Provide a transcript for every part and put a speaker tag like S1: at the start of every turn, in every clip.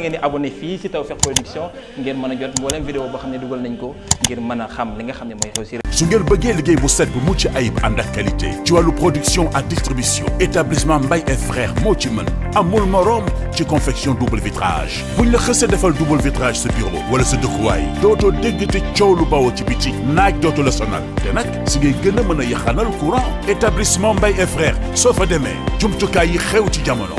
S1: ngeen di abonné fii ci Tawfekh Production ngeen mën a jot mboolem vidéo boo xam ne dugal nañ ko ngir mën a xam
S2: li nga xam ne mooy xew ci su ngeen bëggee liggéey bu set bu mucc ay ànd ak qualité ci wàllu production ak distribution établissement Mbaye et frères moo ci mën amul morom ci confection double vitrage buñ la xësee defal double vitrage sa bureau wala sa dëkkuwaay dootoo dégg te coow lu bawoo ci biti naaj dootu la sonal te nag si ngay gën a mën a yaxanal courant établissement Mbaye et frères soo fa demee jumtukaay yi xew ci jamono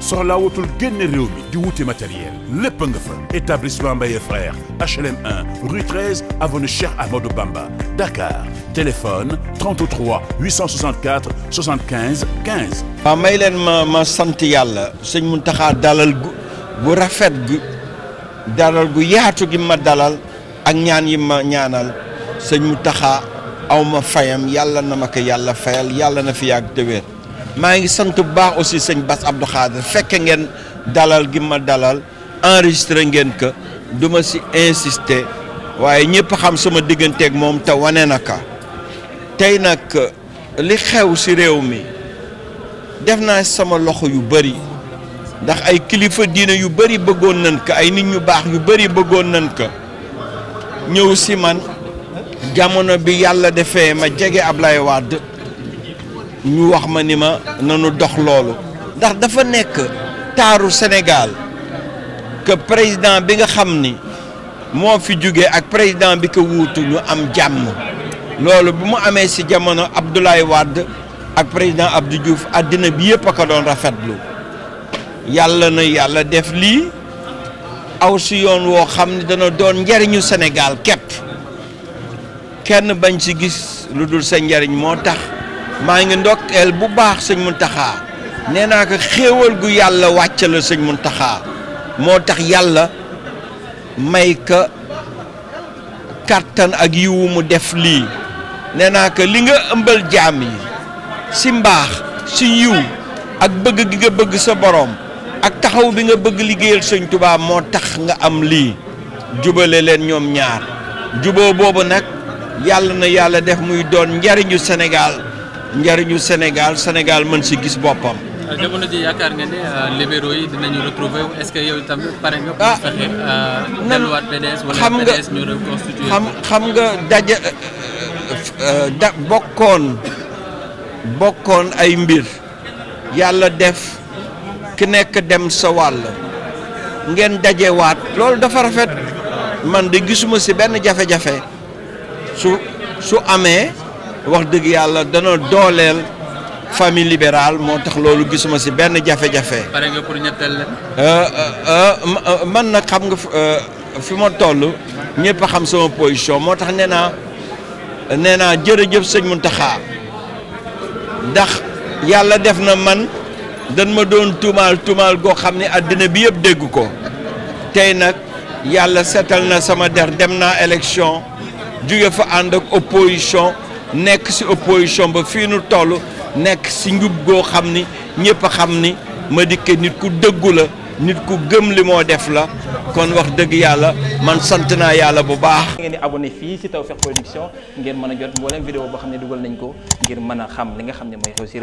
S2: soxlaa wutul génne réew mi di wuti matériel lépp nga fa établissement Mbaye frère HLM 1 rue 13 avenue Cheikh Amadou Bamba Dakar téléphone 33 864 75 15. waaw may leen ma ma sant yàlla sëñ Mountakha dalal gu
S1: bu rafet gu dalal gu yaatu gi ma dalal ak ñaan yi ma ñaanal sëñ Mountakha aw ma fayam yàlla na ma ko yàlla fayal yàlla na fi ak te maa ngi sant bu baax aussi sëñ bas Abdou Khadre fekke ngeen dalal gi ma dalal enregistré ngeen ka du ci insisté waaye ñëpp xam sama digganteeg moom te wane na ka tey nag li xew si réew mi def naa sama loxo yu bëri ndax ay kilifa diine yu bëri bëggoon nañ ko ay nit ñu baax yu bëri bëggoon nañ ko ñëw si man jamono bi yàlla defee ma jege lay wadd ñu wax ma ni ma nanu dox loolu ndax dafa nekk taaru Sénégal que président bi nga xam ni moo fi jóge ak président bi ko wuutu ñu am jàmm loolu bi mu amee ci jamono Abdoulaye wàdd ak président Abdou Diouf àddina bi yëpp a ko doon rafetlu yàlla na yàlla def lii aw si yoon woo xam ne dana doon njariñu senegaal képp kenn bañ ci gis lu dul sa njariñ moo tax maa ngi ndokkeel bu baax sëñ Muntaxa nee naa ko xéewal gu yàlla wàcce la sëñ Muntaxa moo tax yàlla may ka kàrtan ak yiwu mu def lii nee naa ko li nga ëmbal jaam yi si mbaax si yiw ak bëgg gi nga bëgg sa boroom ak taxaw bi nga bëgg liggéeyal sëñ tubaab moo tax nga am lii jubale leen ñoom ñaar juboo boobu nag yàlla na yàlla def muy doon njariñu senegaal njariñu Sénégal Sénégal mën si gis boppam. Euh, jamono ji yaakaar nga ne euh, libéraux yi dinañu retrouver est-ce que yow tamit ah, euh, xam xam nga daja da bokkoon bokkoon ay mbir yàlla def ki nekk dem sa wàll ngeen dajewaat loolu dafa rafet man de gisuma si benn jafe-jafe su su amee. wax dëgg yàlla dana dooleel famille libérale moo tax loolu gisuma si benn jafe-jafe.
S2: pare nga pour ñetteel leen.
S1: Euh, euh, euh, man nag xam nga fi ma toll ñëpp xam sama position moo tax nee naa nee naa jërëjëf sëñ Mountakha ndax yàlla def na man dan ma doon tuumaal tuumaal goo xam ne àddina bi yëpp dégg ko tey nag yàlla seetal na sama der dem naa élection jóge fa ànd ak opposition. nekk si opposition ba fii nu toll nekk si njub goo xam ni ñëpp a xam ni ma Madické nit ku dëggu la nit ku gëm li moo def la kon wax dëgg yàlla man sant naa yàlla bu baax. ngeen di abonné fii taw Tawfekh Production ngeen mën a jot mboolem vidéo boo xam ne dugal nañ ko ngir mën a xam li nga xam ne mooy xew si